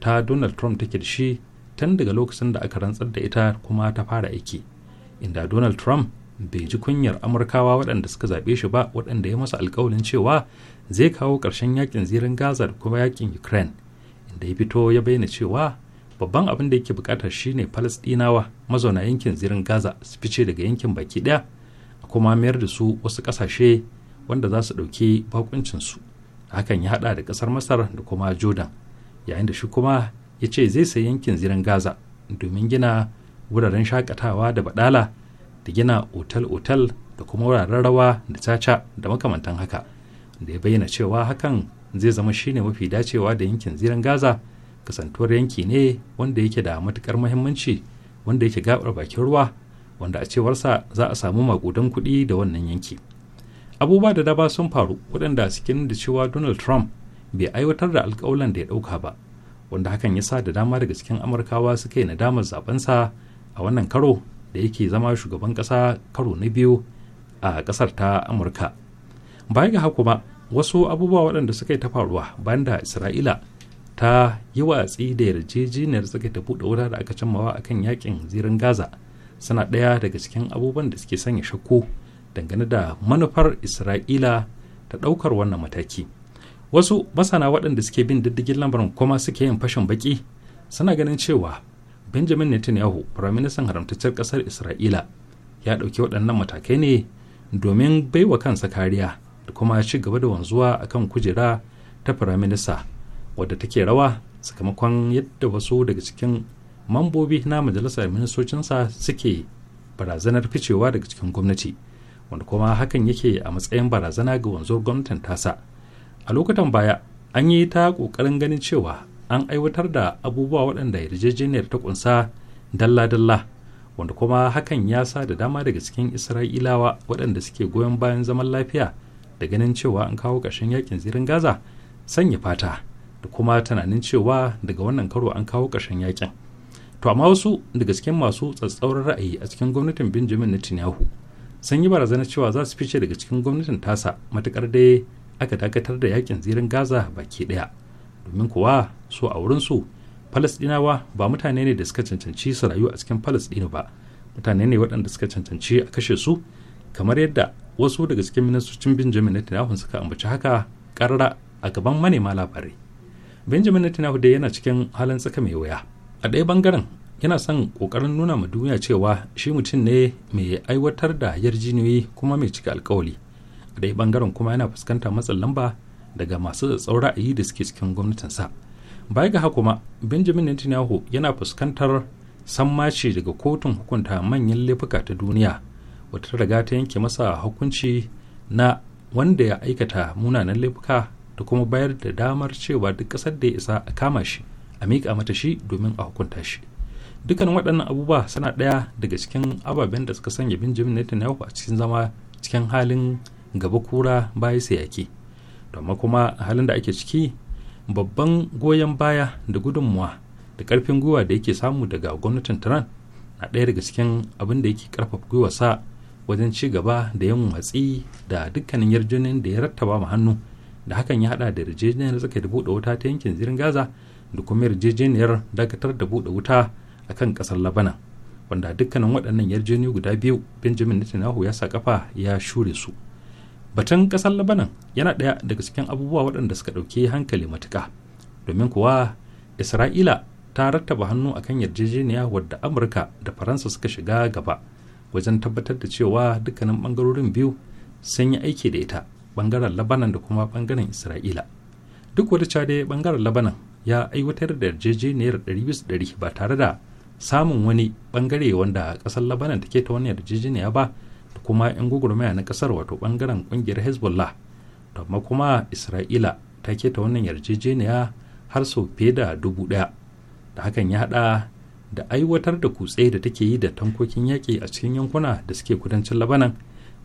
ta donald trump take da shi tun daga lokacin da aka rantsar da ita kuma ta fara aiki inda donald trump bai ji kunyar amurkawa waɗanda suka zaɓe shi ba waɗanda ya masa alkawalin cewa zai kawo ƙarshen yakin zirin gaza da kuma yakin ukraine inda ya fito ya bayyana cewa babban abin da yake bukata shine falasdinawa mazauna yankin zirin gaza su fice daga yankin baki daya a kuma mayar da su wasu kasashe wanda za su ɗauki bakuncinsu hakan ya hada da kasar masar da kuma jordan yayin da shi kuma ya ce zai sayi yankin zirin gaza domin gina wuraren shakatawa da badala da gina otal-otal da kuma wuraren rawa da caca da makamantan haka da ya bayyana cewa hakan zai zama shine mafi dacewa da yankin zirin gaza kasantuwar yanki ne wanda yake da matukar muhimmanci wanda yake gabar bakin ruwa wanda a cewarsa za a samu makudan kuɗi da wannan yanki abubuwa da dama sun faru waɗanda cikin da cewa donald trump bai aiwatar da alkawalan da ya ɗauka ba wanda hakan ya sa da dama daga cikin amurkawa suka yi nadamar sa a wannan karo da yake zama shugaban ƙasa karo na biyu a ƙasar ta amurka baya ga kuma wasu abubuwa waɗanda suka yi ta faruwa bayan da isra'ila ta yi watsi da yarjejeniyar da buɗe wuta da aka cimmawa a kan yakin zirin gaza suna ɗaya daga cikin abubuwan da suke sanya shakku dangane da manufar isra'ila ta ɗaukar wannan mataki wasu masana waɗanda suke bin diddigin lamarin kuma suke yin fashin baki suna ganin cewa benjamin netanyahu firaministan haramtaccen ƙasar isra'ila ya ɗauki waɗannan matakai ne domin baiwa kansa kariya da kuma ci gaba da wanzuwa akan kujera ta firaminista wadda take rawa sakamakon yadda wasu daga cikin mambobi na majalisar ministocinsa suke barazanar ficewa daga cikin gwamnati wanda kuma hakan yake a matsayin barazana ga wanzuwar gwamnatin tasa a lokutan baya an yi ta ƙoƙarin ganin cewa an aiwatar da abubuwa waɗanda yarjejeniyar ta ƙunsa dalla-dalla wanda kuma hakan ya sa da dama daga cikin isra'ilawa waɗanda suke goyon bayan zaman lafiya da ganin cewa an kawo ƙarshen yakin zirin gaza sanya fata da kuma tunanin cewa daga wannan karo an kawo ƙarshen yakin to amma wasu daga cikin masu tsatsauran ra'ayi a cikin gwamnatin benjamin netanyahu sun yi barazana cewa za su fice daga cikin gwamnatin tasa matukar dai aka dakatar da yakin zirin gaza baki daya domin kuwa so a su falasdinawa ba mutane ne da suka cancanci su rayu a cikin falasdinu ba mutane ne waɗanda suka cancanci a kashe su kamar yadda wasu daga cikin ministocin benjamin netanyahu suka ambaci haka karara a gaban manema labarai benjamin netanyahu dai yana cikin halin tsaka mai wuya a ɗaya bangaren yana son ƙoƙarin nuna ma duniya cewa shi mutum ne mai aiwatar da yarjiniyoyi kuma mai cika alkawali a ɗaya bangaren kuma yana fuskantar matsin lamba daga masu tsatsauran ra'ayi da suke cikin gwamnatinsa baya ga kuma benjamin netanyahu yana fuskantar sammaci daga kotun hukunta manyan laifuka ta duniya wata riga ta yanke masa hukunci na wanda ya aikata munanan laifuka da kuma bayar da damar cewa duk ƙasar da ya isa a kama shi a miƙa mata shi domin a hukunta shi dukkan waɗannan abubuwa suna ɗaya daga cikin ababen da suka sanya benjamin netanyahu a cikin zama cikin halin gaba kura bayan sai yaki amma kuma a halin da ake ciki babban goyon baya da gudunmuwa da ƙarfin gwiwa da yake samu daga gwamnatin trump na ɗaya daga cikin abin da yake ƙarfafa gwiwa sa wajen ci gaba da yin watsi da dukkanin yarjunin da ya rattaba mu hannu da hakan ya hada da yarjejeniyar tsaka da buɗe wuta ta yankin zirin gaza da kuma yarjejeniyar dakatar da buɗe wuta a kan ƙasar labanan wanda dukkanin waɗannan yarjejeniyar guda biyu benjamin netanyahu ya sa kafa ya shure su batun ƙasar labanan yana ɗaya daga cikin abubuwa waɗanda suka ɗauki hankali matuka domin kuwa isra'ila ta rattaba hannu akan yarjejeniya wadda amurka da faransa suka shiga gaba wajen tabbatar da cewa dukkanin ɓangarorin biyu sun yi aiki da ita bangaren labanan da kuma bangaren isra'ila duk wata cade bangaren labanan ya aiwatar da yarjejeniyar 200 ba tare da samun wani bangare wanda kasar labanan take ta wani yarjejeniya ba da kuma 'yan gugurmaya na kasar wato bangaren kungiyar hezbollah da kuma isra'ila ta keta wannan yarjejeniya har sau fiye da dubu daya da hakan ya haɗa da aiwatar da kutse da take yi da tankokin yaƙi a cikin yankuna da suke kudancin labanan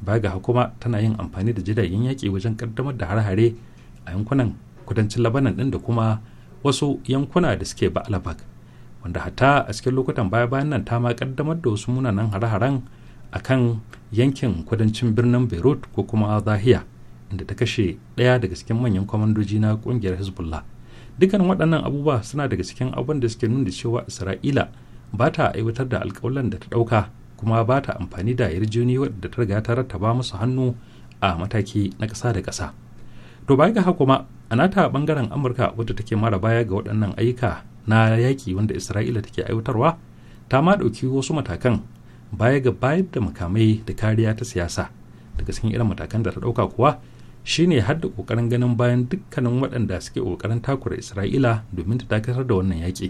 baya ga kuma tana yin amfani da jiragen yaƙi wajen kaddamar da har-hare a yankunan kudancin labanan ɗin da kuma wasu yankuna da suke ba alabak wanda hata a cikin lokutan baya-bayan nan ta ma kaddamar da wasu munanan har-haren a kan yankin kudancin birnin beirut ko kuma zahiya inda ta kashe ɗaya daga cikin manyan kwamandoji na ƙungiyar hezbollah dukkan waɗannan abubuwa suna daga cikin abin da suke nuna cewa isra'ila ba ta aiwatar da alƙawalan da ta ɗauka kuma ba ta amfani da yarjejeni wadda ta riga ta rattaba musu hannu a mataki na ƙasa da ƙasa to baya ga kuma a nata bangaren amurka wadda take mara baya ga waɗannan ayyuka na yaƙi wanda isra'ila take aiwatarwa ta ma ɗauki wasu matakan baya ga bayar da makamai da kariya ta siyasa daga cikin irin matakan da ta ɗauka kuwa shine har da ƙoƙarin ganin bayan dukkanin waɗanda suke ƙoƙarin takura isra'ila domin ta dakatar da wannan yaƙi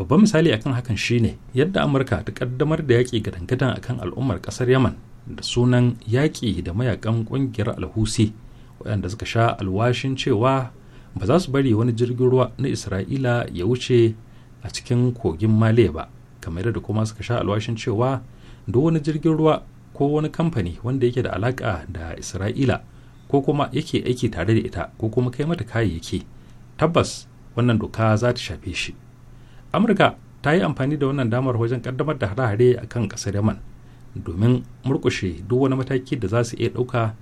babban misali akan hakan shine yadda amurka ta kaddamar da yaƙi gadangadan akan al'ummar ƙasar yaman da sunan yaƙi da mayakan ƙungiyar alhusi waɗanda suka sha alwashin cewa ba za su bari wani jirgin ruwa na isra'ila ya wuce a cikin kogin male ba kamar da kuma suka sha alwashin cewa duk wani jirgin ruwa ko wani kamfani wanda yake da alaƙa da isra'ila ko kuma yake aiki tare da ita ko kuma kai mata kayayyaki tabbas wannan doka za ta shafe shi amurka ta yi amfani da wannan damar wajen kaddamar da hare-hare a kan kasar yaman domin murkushe duk wani mataki da za su iya dauka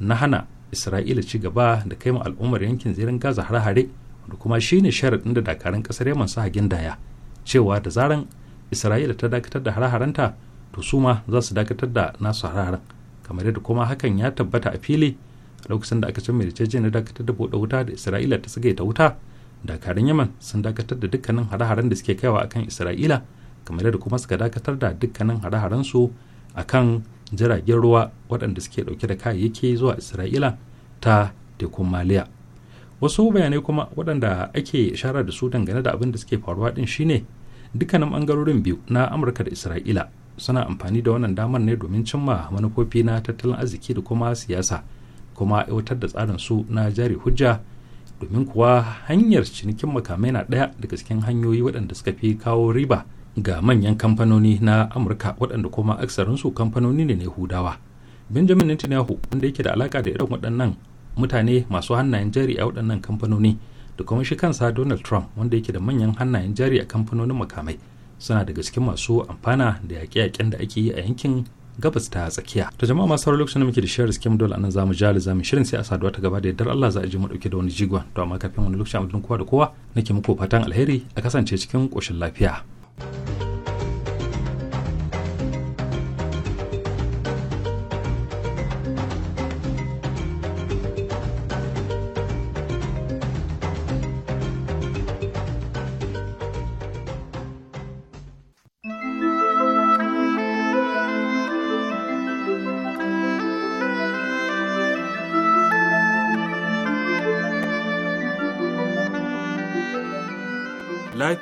na hana isra'ila ci gaba da kai ma al'ummar yankin zirin gaza hare-hare da kuma shine sharaɗin da dakarun kasar yaman su hagin daya cewa da zaran isra'ila ta dakatar da hare-harenta to su ma za su dakatar da nasu hare-haren kamar yadda kuma hakan ya tabbata a fili lokacin da aka mai da dakatar da buɗe wuta da isra'ila ta tsagaita wuta dakarun yaman sun dakatar da dukkanin hare-haren da suke kaiwa akan isra'ila kamar yadda kuma suka dakatar da dukkanin hare-haren su akan jiragen ruwa waɗanda suke ɗauke da kayayyaki zuwa isra'ila ta tekun maliya wasu bayanai kuma waɗanda ake shara da su dangane da abin da suke faruwa ɗin shine dukkanin bangarorin biyu na amurka da isra'ila suna amfani da wannan damar ne domin cimma manufofi na tattalin arziki da kuma siyasa kuma aiwatar da tsarin su na jari hujja domin kuwa hanyar cinikin makamai na ɗaya daga cikin hanyoyi waɗanda suka fi kawo riba ga manyan kamfanoni na amurka waɗanda kuma aksarinsu kamfanoni ne na hudawa benjamin netanyahu wanda yake da alaka da irin waɗannan mutane masu hannayen jari a waɗannan kamfanoni da kuma shi kansa donald trump wanda yake da manyan hannayen jari a kamfanonin makamai suna daga cikin masu amfana da yaƙe-yaƙen da ake yi a yankin gabas ta tsakiya to jama'a masu sauraron lokacin da muke da shirin skim dole anan zamu jali zamu shirin sai a saduwa ta gaba da yaddar Allah za a ji mu dauke da wani jigon to amma kafin wani lokacin a kowa da kowa nake muku fatan alheri a kasance cikin koshin lafiya.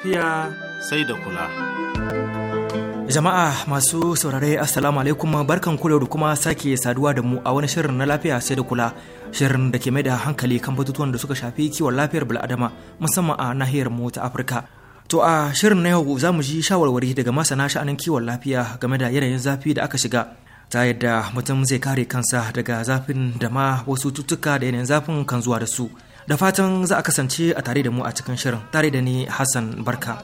lafiya sai da kula. Jama'a masu saurare Assalamu alaikum barkan kula da kuma sake saduwa da mu a wani shirin na lafiya sai da kula. Shirin da ke mai da hankali kan batutuwan da suka shafi kiwon lafiyar bil'adama musamman a nahiyar mu ta Afirka. To a shirin na yau za mu ji shawarwari daga masana sha'anin kiwon lafiya game da yanayin zafi da aka shiga. Ta yadda mutum zai kare kansa daga zafin da ma wasu tutuka da yanayin zafin kan zuwa da su. da fatan za a kasance a tare da mu a cikin shirin tare da ni Hassan Barka.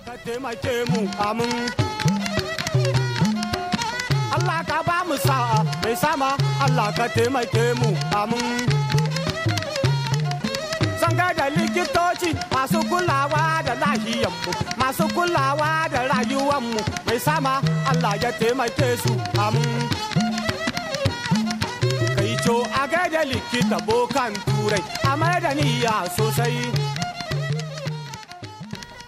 Allah ka ba mu sa'a mai sama Allah ka taimake mu amin. Zan da likitoci masu kulawa da lahiyanmu masu kulawa da rayuwanmu mai sama Allah ya taimake su amin. to a gaida likita bokan turai a da niyya sosai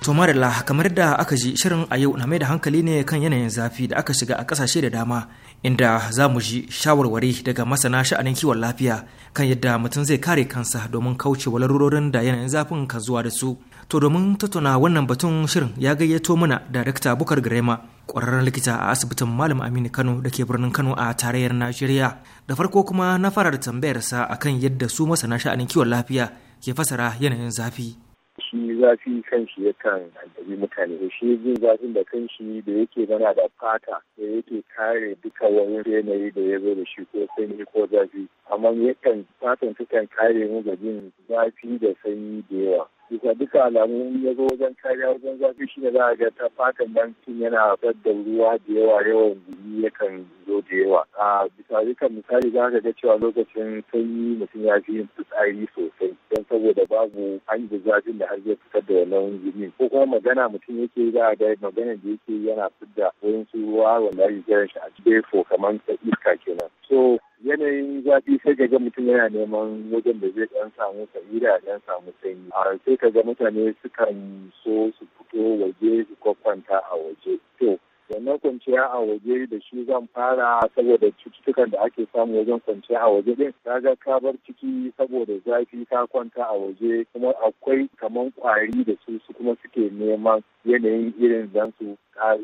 to marilla kamar da aka ji shirin a yau na mai da hankali ne kan yanayin zafi da aka shiga a kasashe da dama inda za mu ji shawarwari daga masana sha'anin kiwon lafiya kan yadda mutum zai kare kansa domin kauce wa larurorin da yanayin zafin kan zuwa da su To domin tattauna wannan batun shirin ya gayyato mana darakta Bukar Girema ƙwararren likita a asibitin Malam Aminu Kano da ke birnin Kano a tarayyar Najeriya. Da farko kuma na fara da tambayarsa akan yadda su masana sha'anin kiwon lafiya ke fasara yanayin zafi. Shi zafi kanshi yakan addabi mutane shi jin zafin da kanshi da yake mana da fata da yake kare duka wani yanayi da ya zo da shi ko sanyi ko zafi amma yakan fatan kan kare mu ga jin zafi da sanyi da yawa bisa duka alamu ya zo wajen kariya wajen zafi shi ne za a ga ta fatan nan yana yana da ruwa da yawa yawan gumi yakan zo da yawa a bisa duka misali za ka ga cewa lokacin sanyi mutum ya fi yin fitsari sosai don saboda babu an zafin da har zai fitar da wannan gumi ko kuma magana mutum yake za a ga magana da yake yana fitar da wayansu ruwa wanda yi jiran shi a cikin kamar ta iska kenan so yanayin zafi sai ga mutum yana neman wajen da zai dan samu sa'ida dan samu sanyi a sai ka ga mutane sukan so su fito waje su kwakwanta a waje to wannan kwanciya a waje da shi zan fara saboda cututtukan da ake samu wajen kwanciya a waje din kaga ka bar ciki saboda zafi ka kwanta a waje kuma akwai kaman kwari da su su kuma suke neman yanayin irin zan su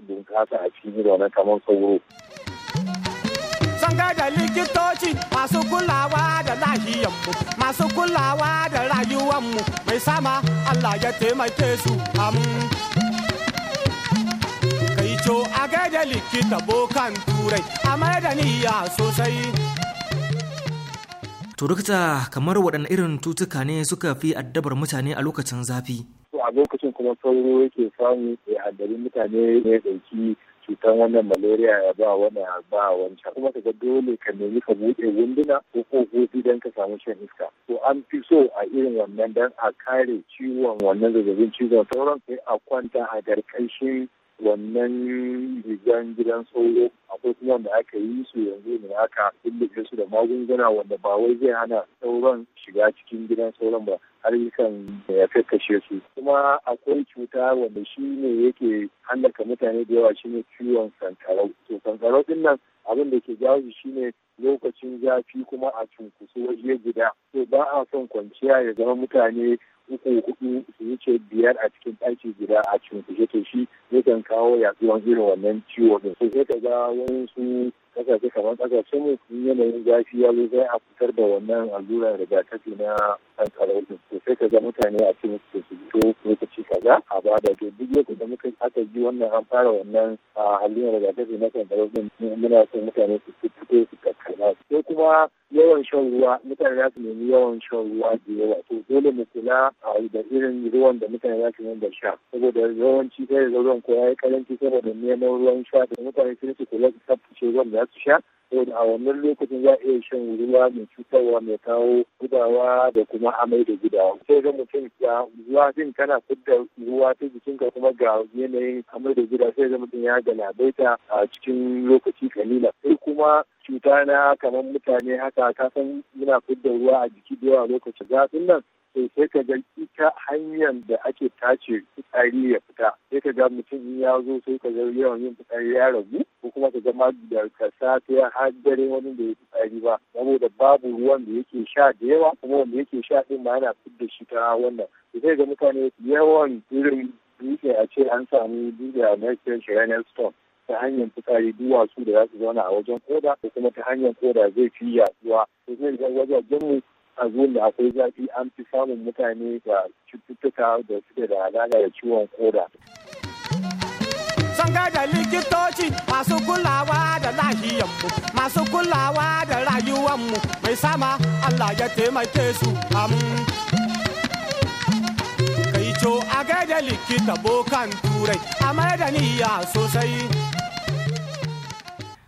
bunƙasa a cikin wannan kamar sauro. an da likitoci masu kulawa da lahiyanmu masu kulawa da mu mai sama Allah ya taimake su kai co a gaida likita bokan turai a da niyya sosai to kamar waɗanne irin tutuka ne suka fi addabar mutane a lokacin zafi a lokacin kuma sauro yake samu ya addari mutane ne ɗauki cutar wannan malaria ya ba wani ya ba wancan kuma kaga dole ka nemi ka buɗe wunduna ko kofofi don ka samu shan iska to an fi so a irin wannan dan a kare ciwon wannan zazzabin cizon sauran sai a kwanta a garkashin wannan rigan gidan sauro akwai kuma wanda aka yi su yanzu ne aka lullube su da magunguna wanda ba wai zai hana sauran shiga cikin gidan sauron ba har yakan ya kakkashe su kuma akwai cuta wanda shi ne yake hannaka mutane da yawa shi ne ciwon sankarau to sankarau din nan abin da ke jawo shi ne. lokacin zafi kuma a cunkusu waje gida to ba a son kwanciya ya zama mutane uku hudu su wuce biyar a cikin ɗaki gida a cunkushe to shi yakan kawo yaduwan irin wannan ciwo din sai ka ga wani sun kasashe kamar kasashen mu yanayin zafi ya zo sai a fitar da wannan allurar rigakafi na kankarau din to sai ka ga mutane a cikin su su fito lokaci kaza a ba da to duk yadda da muka aka ji wannan an fara wannan allurar rigakafi na kankarau din muna son mutane su fito su kaza ko kuma yawan shan ruwa mutane za su nemi yawan shan ruwa da yawa to dole mu kula da irin ruwan da mutane za su nemi sha saboda yawanci sai da ruwan ko ya yi karanci saboda neman ruwan sha da mutane sai su kula da tsaftace ruwan da za su sha saboda a wannan lokacin za a iya shan ruwa mai cutarwa mai kawo gudawa da kuma amai da gudawa sai ga mutum ya ruwa jin kana fidda ruwa ta jikinka kuma ga yanayin amai da gudawa sai ga mutum ya galabaita a cikin lokaci kalila sai kuma cuta na kamar mutane haka kasan muna fidda ruwa a jiki da yawa lokacin zafin nan to sai ka ga ita hanyar da ake tace fitsari ya fita sai ka ga mutum in ya zo sai ka ga yawan yin fitsari ya ragu ko kuma ka ga da kasa ta ya haddare wani da ya fitsari ba saboda babu ruwan da yake sha da yawa kuma wanda yake sha din ma yana fidda shi ta wannan sai ga mutane yawan irin dutse a ce an samu dutse a mercury shiranen stone ta hanyar fitsari duwatsu da za su zauna a wajen koda ko kuma ta hanyar koda zai fi yaduwa sai zai ga wajajen mu a zuwan da akwai zafi an fi samun mutane da cututtuka da suke da alaƙa da ciwon koda. Sun da likitoci masu kulawa da lahiyanmu, masu kulawa da rayuwanmu mai sama Allah ya taimake su am. Kai co a gaida likita bokan turai, a da niyya sosai.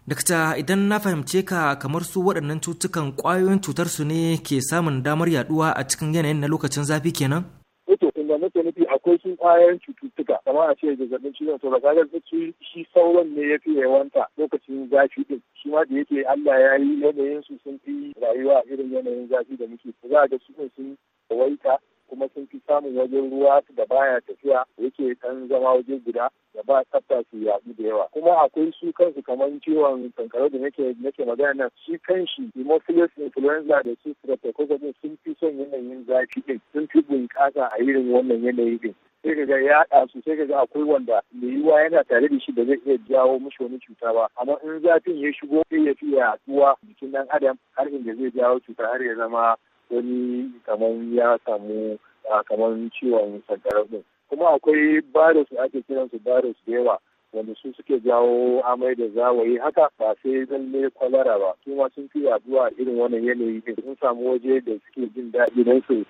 dakta idan na fahimce ka kamar su waɗannan cutukan ƙwayoyin cutar su ne ke samun damar yaduwa a cikin yanayin na lokacin zafi kenan eh to inda na nufi akwai sun ƙwayoyin cututtuka kamar a ce zazzabin cizon sauro kaga su shi sauran ne ya fi yawanta lokacin zafi din shi ma da yake Allah ya yi yanayin su sun fi rayuwa irin yanayin zafi da muke za a ga su sun yawaita kuma sun fi samun wajen ruwa da baya tafiya yake kan zama waje guda da ba tsafta su yaɗu da yawa kuma akwai su kansu kamar ciwon kankarau da nake nake magana nan shi kanshi hemophilus influenza da su streptococcus sun fi son yanayin zafi din sun fi bunƙasa a irin wannan yanayi din sai ka ga ya haɗa su sai ka ga akwai wanda mai yiwuwa yana tare da shi da zai iya jawo mishi wani cuta ba amma in zafin ya shigo sai ya fi yaɗuwa jikin ɗan adam har inda zai jawo cuta har ya zama wani kamar ya samu ah, kamar ciwon sankarar din kuma akwai virus da ake kiran su virus da yawa wanda su suke jawo amai da zawayi haka ba sai zalle kwalara ba su ma sun fi yaduwa irin wannan yanayi ne sun samu waje da suke jin daɗi don su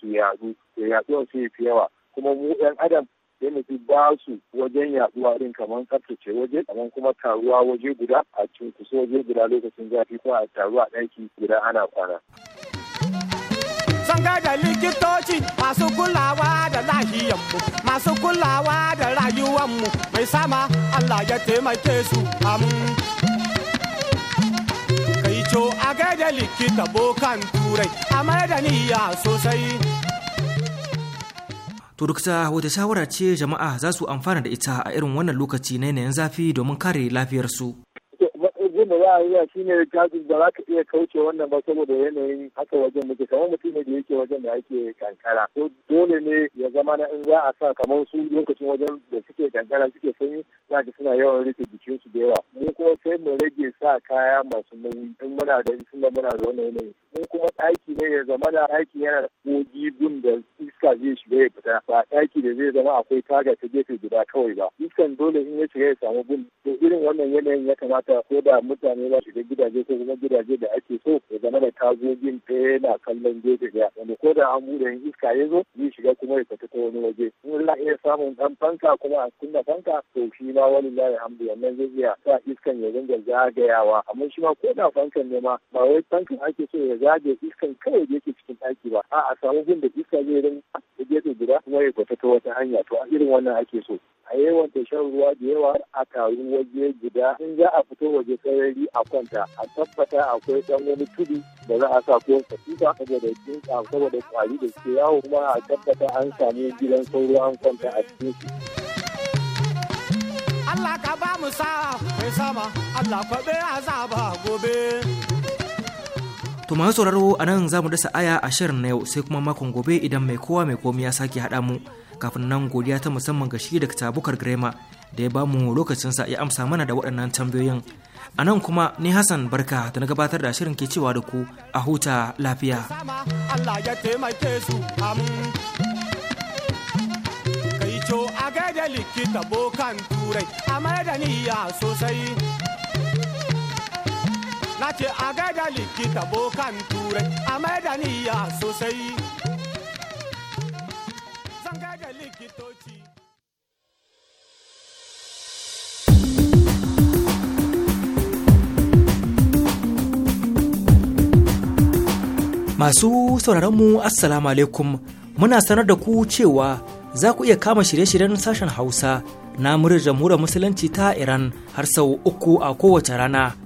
su yadu da yaduwa su fi yawa kuma mu ɗan adam yana fi ba su wajen yaduwa din kamar tsaftace waje kamar kuma taruwa waje guda a cunkusu waje guda lokacin zafi ko a taruwa ɗaki guda ana kwana. an da likitoci masu kulawa da lahiyanmu masu kulawa da mu mai sama Allah ya taimake su kai co a gaida likita bokan turai a da niyya sosai To dukta wata shawara ce jama'a za su amfana da ita a irin wannan lokaci na yanayin zafi domin kare lafiyarsu. da za a yi shi ne gajin ba za ka iya kauce wannan ba saboda yanayin haka wajen muke kamar mutum da yake wajen da ake kankara to dole ne ya zama na in za a sa kamar su lokacin wajen da suke kankara suke sanyi za ka suna yawan rike su da yawa mu kuma sai mu rage sa kaya masu nauyi in muna da da muna da wannan yanayi mu kuma ɗaki ne ya zama da ɗaki yana da kogi gun da iska zai shiga ya fita ba ɗaki da zai zama akwai taga ta gefe guda kawai ba iskan dole in ya shiga ya samu gun to irin wannan yanayin ya kamata ko da mutane ba shiga gidaje ko kuma gidaje da ake so ya zama da tagogin ta yana kallon gefe ɗaya wanda ko da an buɗe in iska ya zo zai shiga kuma ya fita ta wani waje in za iya samun ɗan fanka kuma a kunna fanka to shi ma wani layi hamdu wannan zai iya sa iskan ya dinga zagayawa amma shi ma ko da fankan ne ma ba wai fankan ake so ya zage iskan kawai da yake cikin ɗaki ba a'a samu gun da iska zai rin a gefe guda kuma ya kwata ta wata hanya to irin wannan ake so a yawan ta shan ruwa da yawa a taru waje guda in za a fito waje sarari a kwanta a tabbata akwai dan wani tudu da za a sa ko katifa saboda tsinka saboda kwari da ke yawo kuma a tabbata an samu gidan sauro an kwanta a cikin su. Allah ka ba mu sa mai sama Allah kwabe azaba gobe. To masu sauraro a nan za mu dasa aya a shirin na yau sai kuma makon gobe idan mai kowa mai komi ya sake haɗa mu kafin nan godiya ta musamman ga shi da tabukar grema da ya bamu sa ya amsa mana da waɗannan tambayoyin. A nan kuma ni Hassan Barka da na gabatar da shirin ke cewa da ku a huta lafiya. Allah ya su a gaida likita bokan turai a da niyya sosai. Nace ce a gaida likita bokan turai a mai da niyya sosai likitoci Masu sauraronmu Assalamu alaikum muna sanar da ku cewa za ku iya kama shirye-shiryen sashen Hausa na muryar jamhuriyar Musulunci ta Iran har sau uku a kowace rana.